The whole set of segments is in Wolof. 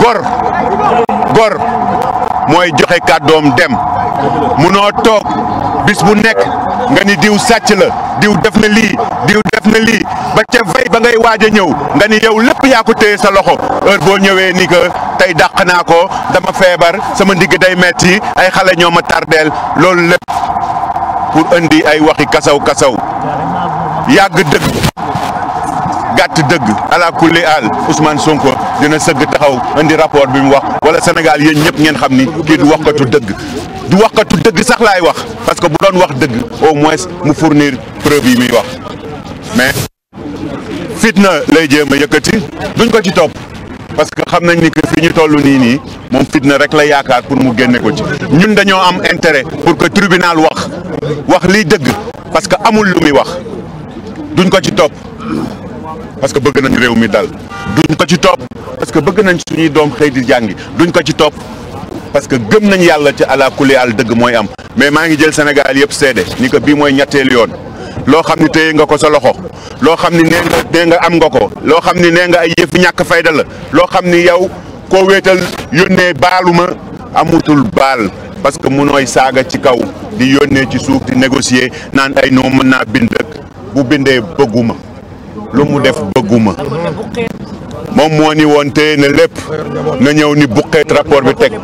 gor gor mooy joxe kàddoom dem munoo toog bis bu nekk nga ni diw sàcc la diw def na lii diw def na lii ba ca vey ba ngay waaj a ñëw nga ni yow lépp yaa ko téye sa loxo heure boo ñëwee ni que tey dàq naa ko dama feebar sama ndigg day metti ay xale ñoo ma tardeel loolu lépp pour indi ay waxi kasaw kasaw yàgg dëgg gàtt dëgg ala kulli al Ousmane Sonko dina sëgg taxaw indi rapport bi mu wax wala Sénégal yéen ñëpp ngeen xam ni kii du waxkatu dëgg du waxkatu dëgg sax laay wax parce que bu doon wax dëgg au moins mu fournir preuve yi muy wax mais fitna lay jéem a yëkkati duñ ko ci topp parce que xam nañ ni que fi ñu toll nii nii moom fitna rek la yaakaar pour mu génne ko ci ñun dañoo am intérêt pour que tribunal wax wax liy dëgg parce que amul lu muy wax duñ ko ci topp parce que bëgg nañ réew mi dal duñ ko ci topp parce que bëgg nañ suñuy doom xëy di jàngi duñ ko ci topp parce que gëm nañ yàlla ci ala kulli al dëgg mooy am mais maa ngi jël Sénégal yëpp seede ni ko bii mooy ñetteelu yoon loo xam ni téye nga ko sa loxo loo xam ni nee nga am nga ko loo xam ni nee nga ay yëf ñàkk fayda la loo xam ni yow koo wéetal yónnee baaluma amatul baal parce que munooy saaga ci kaw di yónnee ci suuf di négocier naan ay noo mën naa bind bu bindee bëgguma lu mu def bëgguma moom moo ni woon téye ne lépp na ñëw ni buqeet rapport bi teg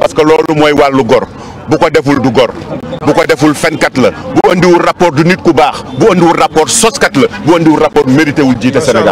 parce que loolu mooy wàllu gor bu ko deful du gor bu ko deful fenkat la bu indiwul rapport du nit ku baax bu andiwul rapport soskat la bu andiwul rapport mérité wul jiite Sénégal